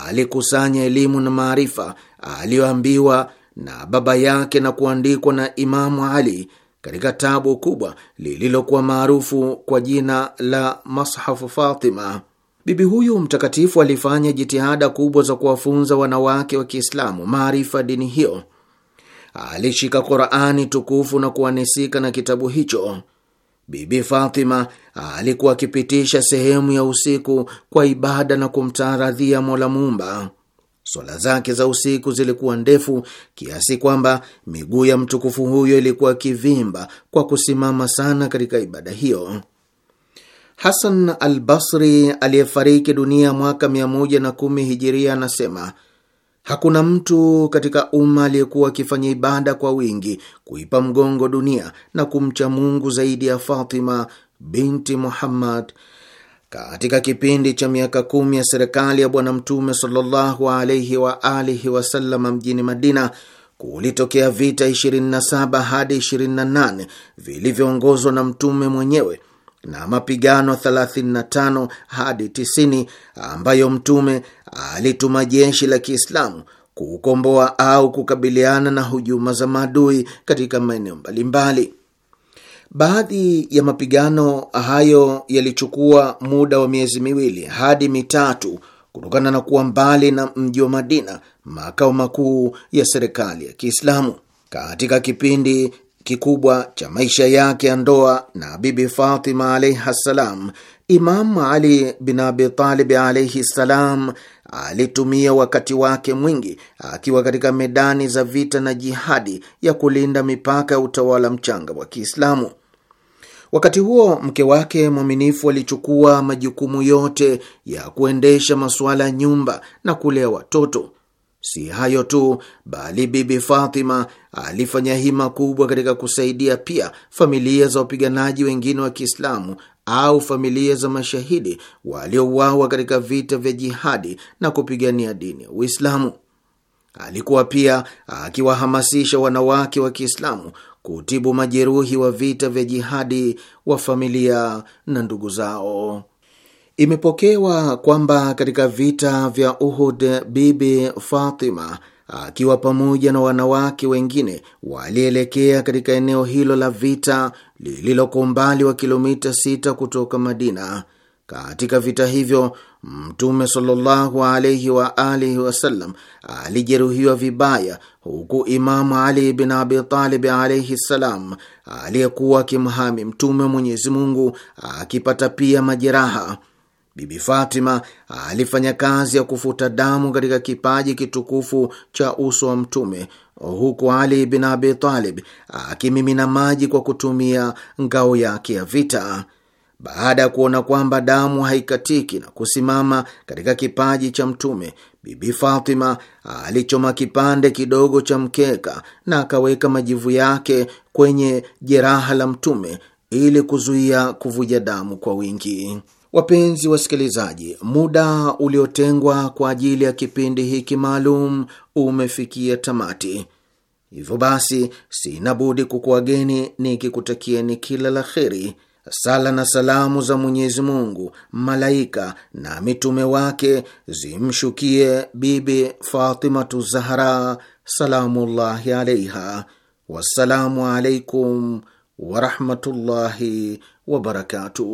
D: alikusanya elimu na maarifa aliyoambiwa na baba yake na kuandikwa na Imamu Ali katika tabu kubwa lililokuwa maarufu kwa jina la Mashafu Fatima. Bibi huyu mtakatifu alifanya jitihada kubwa za kuwafunza wanawake wa Kiislamu maarifa dini hiyo. Alishika Korani tukufu na kuanisika na kitabu hicho. Bibi Fatima alikuwa akipitisha sehemu ya usiku kwa ibada na kumtaaradhia Mola Muumba. Swala zake za usiku zilikuwa ndefu kiasi kwamba miguu ya mtukufu huyo ilikuwa kivimba kwa kusimama sana katika ibada hiyo. Hasan al Basri aliyefariki dunia mwaka 110 hijiria anasema hakuna mtu katika umma aliyekuwa akifanya ibada kwa wingi, kuipa mgongo dunia na kumcha Mungu zaidi ya Fatima binti Muhammad katika kipindi cha miaka kumi ya serikali ya Bwana Mtume sallallahu alaihi wa alihi wasallam mjini Madina kulitokea vita 27 hadi 28 vilivyoongozwa na Mtume mwenyewe na mapigano 35 hadi 90 ambayo Mtume alituma jeshi la Kiislamu kukomboa au kukabiliana na hujuma za maadui katika maeneo mbalimbali. Baadhi ya mapigano hayo yalichukua muda wa miezi miwili hadi mitatu kutokana na kuwa mbali na mji wa Madina, makao makuu ya serikali ya Kiislamu. Katika kipindi kikubwa cha maisha yake ya ndoa na Bibi Fatima alaihi ssalam, Imam Ali bin Abitalib alaihi ssalam alitumia wakati wake mwingi akiwa katika medani za vita na jihadi ya kulinda mipaka ya utawala mchanga wa Kiislamu. Wakati huo mke wake mwaminifu alichukua majukumu yote ya kuendesha masuala ya nyumba na kulea watoto. Si hayo tu, bali Bibi Fatima alifanya hima kubwa katika kusaidia pia familia za wapiganaji wengine wa Kiislamu au familia za mashahidi waliouawa katika vita vya jihadi na kupigania dini ya Uislamu. Alikuwa pia akiwahamasisha wanawake wa Kiislamu kutibu majeruhi wa vita vya jihadi wa familia na ndugu zao. Imepokewa kwamba katika vita vya Uhud, Bibi Fatima ah, akiwa pamoja na wanawake wengine walielekea katika eneo hilo la vita lililoko umbali wa kilomita sita kutoka Madina. Katika vita hivyo Mtume sallallahu alaihi wa alihi wasallam alijeruhiwa vibaya, huku Imamu Ali bin Abitalib alaihi ssalam aliyekuwa akimhami Mtume wa Mwenyezi Mungu akipata pia majeraha. Bibi Fatima alifanya kazi ya kufuta damu katika kipaji kitukufu cha uso wa Mtume, huku Ali bin Abi Talib akimimina maji kwa kutumia ngao yake ya vita. Baada ya kuona kwamba damu haikatiki na kusimama katika kipaji cha Mtume, Bibi Fatima alichoma kipande kidogo cha mkeka na akaweka majivu yake kwenye jeraha la Mtume ili kuzuia kuvuja damu kwa wingi. Wapenzi wasikilizaji, muda uliotengwa kwa ajili ya kipindi hiki maalum umefikia tamati. Hivyo basi, sina budi kukuwageni nikikutakieni kila la kheri. Sala na salamu za Mwenyezi Mungu, malaika na mitume wake zimshukie Bibi Fatimatu Zahra salamullahi alaiha. Wassalamu alaikum ورحمة الله وبركاته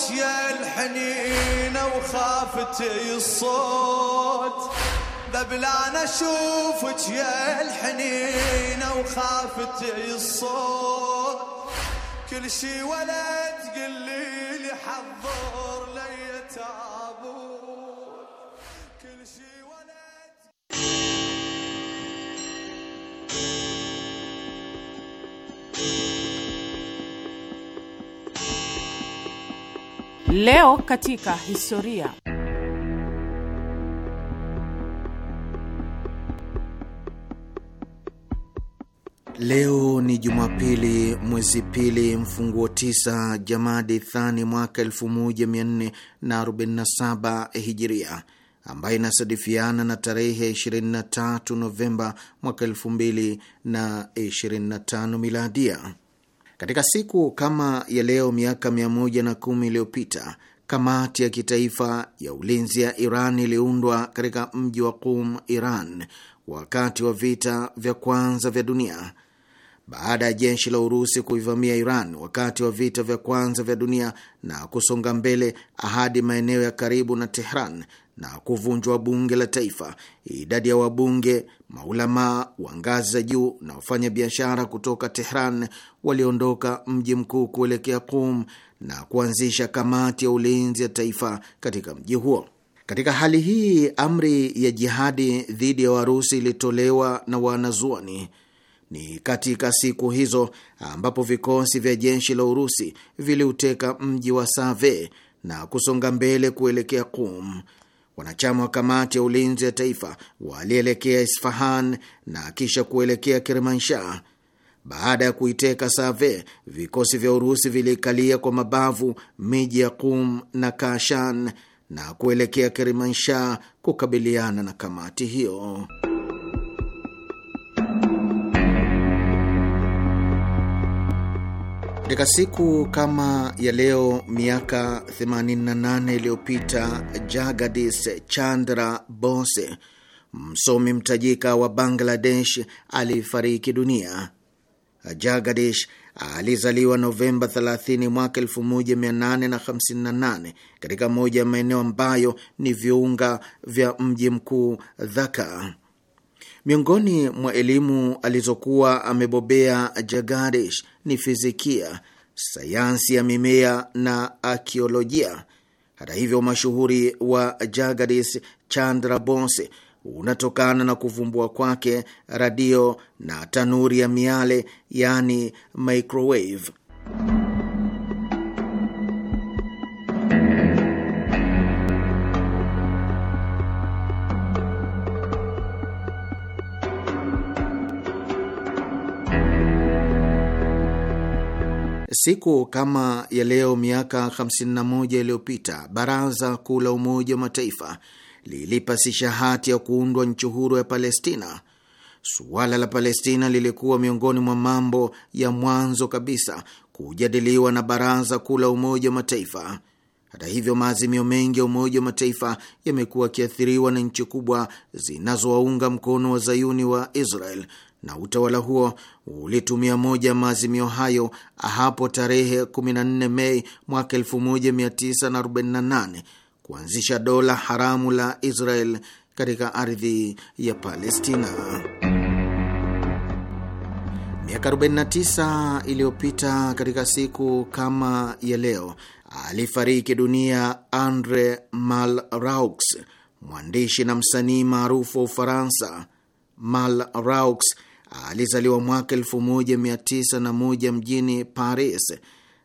A: صوت يا الحنين وخافت الصوت ببلان اشوفك يا الحنين وخافت الصوت كل شي ولا تقلي لي حضر لي تابوت كل شي
E: Leo katika historia.
D: Leo ni Jumapili, mwezi pili mfunguo tisa Jamadi Thani mwaka 1447 Hijiria, ambayo inasadifiana na tarehe 23 Novemba mwaka 2025 Miladia. Katika siku kama ya leo miaka 110 iliyopita kamati ya kitaifa ya ulinzi ya Iran iliundwa katika mji wa Qum, Iran, wakati wa vita vya kwanza vya dunia. Baada ya jeshi la Urusi kuivamia Iran wakati wa vita vya kwanza vya dunia na kusonga mbele hadi maeneo ya karibu na Tehran, na kuvunjwa bunge la taifa, idadi ya wabunge, maulamaa wa ngazi za juu na wafanyabiashara kutoka Tehran waliondoka mji mkuu kuelekea Qum na kuanzisha kamati ya ulinzi ya taifa katika mji huo. Katika hali hii, amri ya jihadi dhidi ya Warusi ilitolewa na wanazuoni. Ni katika siku hizo ambapo vikosi vya jeshi la Urusi viliuteka mji wa Save na kusonga mbele kuelekea Qum. Wanachama wa kamati ya ulinzi ya taifa walielekea Isfahan na kisha kuelekea Kirimansha. Baada ya kuiteka Save, vikosi vya Urusi vilikalia kwa mabavu miji ya Kum na Kashan na kuelekea Kirimansha kukabiliana na kamati hiyo. Katika siku kama ya leo miaka 88 iliyopita Jagadish Chandra Bose, msomi mtajika wa Bangladesh, alifariki dunia. Jagadish alizaliwa Novemba 30 mwaka 1858 katika moja ya maeneo ambayo ni viunga vya mji mkuu Dhaka. Miongoni mwa elimu alizokuwa amebobea Jagadish ni fizikia, sayansi ya mimea na akiolojia. Hata hivyo, mashuhuri wa Jagadish Chandra Bose unatokana na kuvumbua kwake radio na tanuri ya miale, yaani microwave. Siku kama ya leo miaka 51 iliyopita Baraza Kuu la Umoja wa Mataifa lilipasisha hati ya kuundwa nchi huru ya Palestina. Suala la Palestina lilikuwa miongoni mwa mambo ya mwanzo kabisa kujadiliwa na Baraza Kuu la Umoja wa Mataifa. Hata hivyo, maazimio mengi ya Umoja wa Mataifa yamekuwa yakiathiriwa na nchi kubwa zinazowaunga mkono wa zayuni wa Israel na utawala huo ulitumia moja maazimio hayo hapo tarehe 14 Mei mwaka 1948 kuanzisha dola haramu la Israel katika ardhi ya Palestina. Miaka 49 iliyopita katika siku kama ya leo alifariki dunia Andre Malraux, mwandishi na msanii maarufu wa Ufaransa. Malraux Alizaliwa mwaka 1901 mjini Paris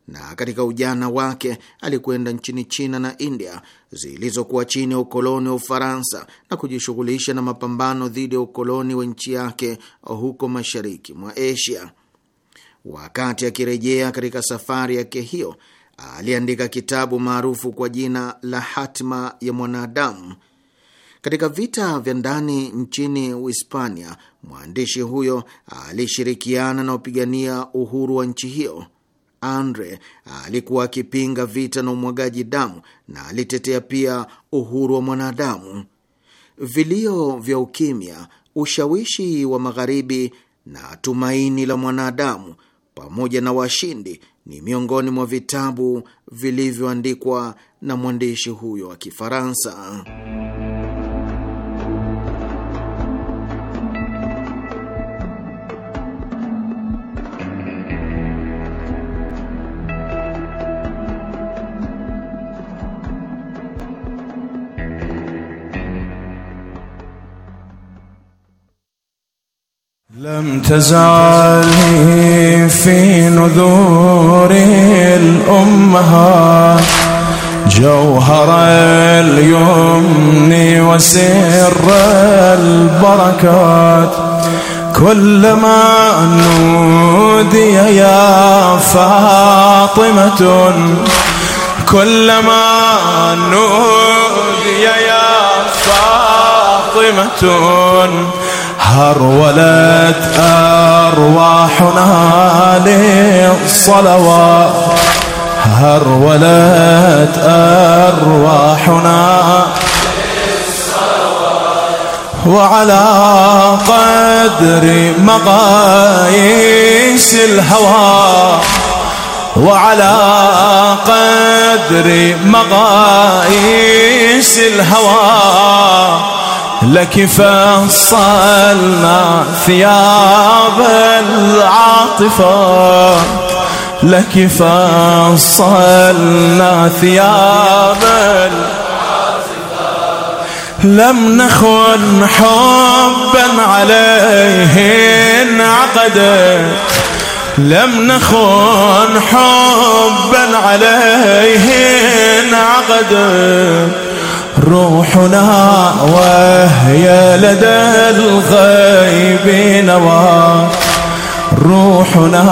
D: na katika ujana wake alikwenda nchini China na India zilizokuwa chini ya ukoloni wa Ufaransa na kujishughulisha na mapambano dhidi ya ukoloni wa nchi yake huko mashariki mwa Asia. Wakati akirejea katika safari yake hiyo, aliandika kitabu maarufu kwa jina la Hatima ya Mwanadamu katika vita vya ndani nchini Uhispania, mwandishi huyo alishirikiana na upigania uhuru wa nchi hiyo. Andre alikuwa akipinga vita na umwagaji damu na alitetea pia uhuru wa mwanadamu. Vilio vya ukimya, ushawishi wa Magharibi na tumaini la mwanadamu pamoja na washindi ni miongoni mwa vitabu vilivyoandikwa na mwandishi huyo wa Kifaransa.
F: لم تزال
C: في نذور الأمهات جوهر اليمن وسر البركات كلما نودي يا فاطمة كلما نودي يا فاطمة فاطمة هرولت أرواحنا للصلوات هرولت أرواحنا وعلى قدر مقاييس الهوى وعلى قدر مقاييس الهوى لك فصلنا ثياب العاطفة لك فصلنا ثياب لم نخن حبا عليهن عقدا لم نخن حبا عليهن عقدا روحنا وهي لدى الغيب نوى روحنا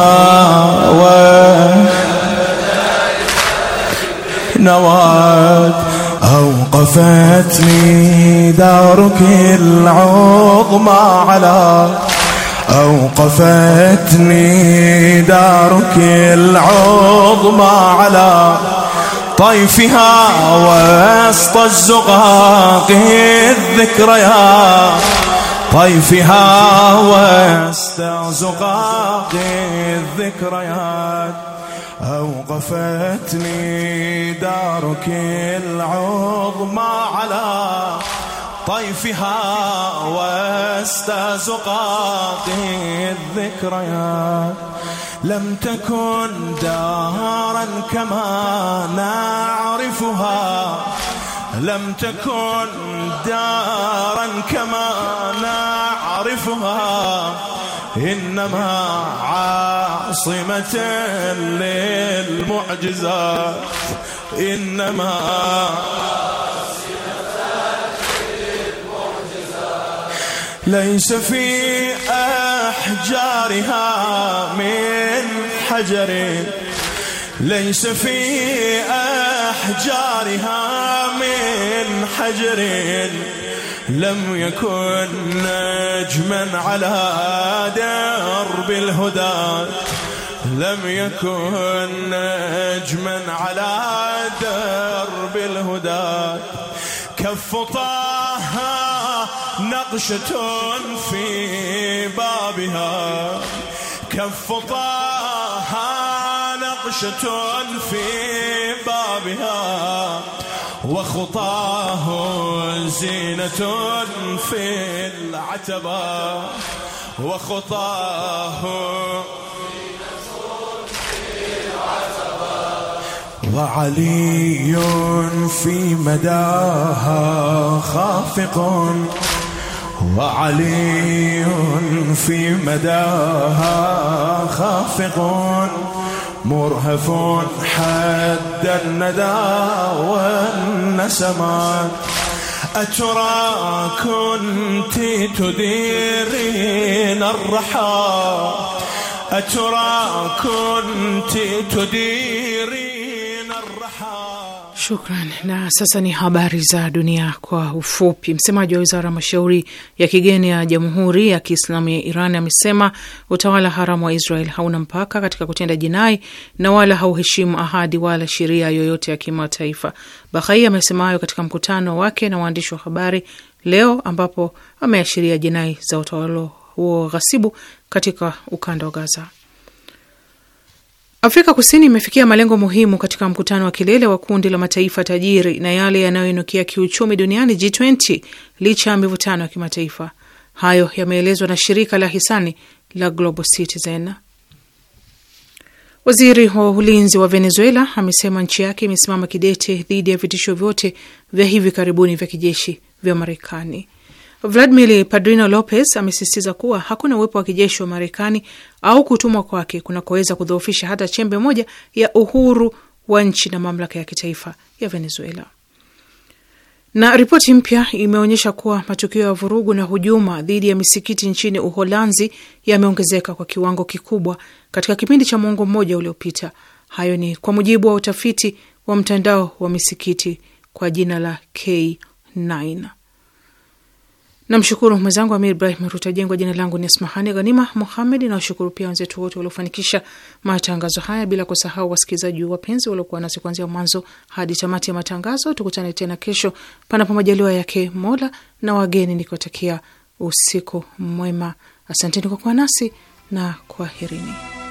C: نوات أوقفتني دارك العظمى على أوقفتني دارك العظمى على طيفها وسط الزقاق الذكريات طيفها وسط زقاق الذكريات أوقفتني دارك العظمى على طيفها وسط زقاق الذكريات لم تكن دارا كما نعرفها لم تكن دارا كما نعرفها إنما عاصمة للمعجزات إنما ليس في أحجارها من حجر ليس في أحجارها من حجر لم يكن نجما على درب الهدى لم يكن نجما على درب الهدى كف طال نقشة في بابها كف
F: طه
C: نقشة في بابها وخطاه زينة في العتبة وخطاه وعلي في مداها خافق وعلي في مداها خافق مرهف حد الندى والنسمات أترى كنت تديرين الرحى أترى
E: كنت تديرين Shukran. Na sasa ni habari za dunia kwa ufupi. Msemaji wa wizara ya mashauri ya kigeni ya Jamhuri ya Kiislamu ya Iran amesema utawala haramu wa Israel hauna mpaka katika kutenda jinai na wala hauheshimu ahadi wala sheria yoyote ya kimataifa. Bahai amesema hayo katika mkutano wake na waandishi wa habari leo, ambapo ameashiria jinai za utawala huo ghasibu katika ukanda wa Gaza. Afrika Kusini imefikia malengo muhimu katika mkutano wa kilele wa kundi la mataifa tajiri na yale yanayoinukia kiuchumi duniani G20 licha ya mivutano ya kimataifa. Hayo yameelezwa na shirika la hisani la Global Citizen. Waziri wa ulinzi wa Venezuela amesema nchi yake imesimama kidete dhidi ya vitisho vyote vya hivi karibuni vya kijeshi vya Marekani. Vladimir Padrino Lopez amesisitiza kuwa hakuna uwepo wa kijeshi wa Marekani au kutumwa kwake kunakoweza kudhoofisha hata chembe moja ya uhuru wa nchi na mamlaka ya kitaifa ya Venezuela. Na ripoti mpya imeonyesha kuwa matukio ya vurugu na hujuma dhidi ya misikiti nchini Uholanzi yameongezeka kwa kiwango kikubwa katika kipindi cha mwongo mmoja uliopita. Hayo ni kwa mujibu wa utafiti wa mtandao wa misikiti kwa jina la K9. Namshukuru mwenzangu Amir Ibrahim Rutajengwa. Jina langu ni Asmahani Ghanima Muhamed. Nawashukuru pia wenzetu wote waliofanikisha matangazo haya, bila kusahau wasikilizaji wapenzi waliokuwa nasi kuanzia mwanzo hadi tamati ya matangazo. Tukutane tena kesho, panapo majaliwa yake Mola na wageni, nikiwatakia usiku mwema. Asanteni kwa kuwa nasi na kwaherini.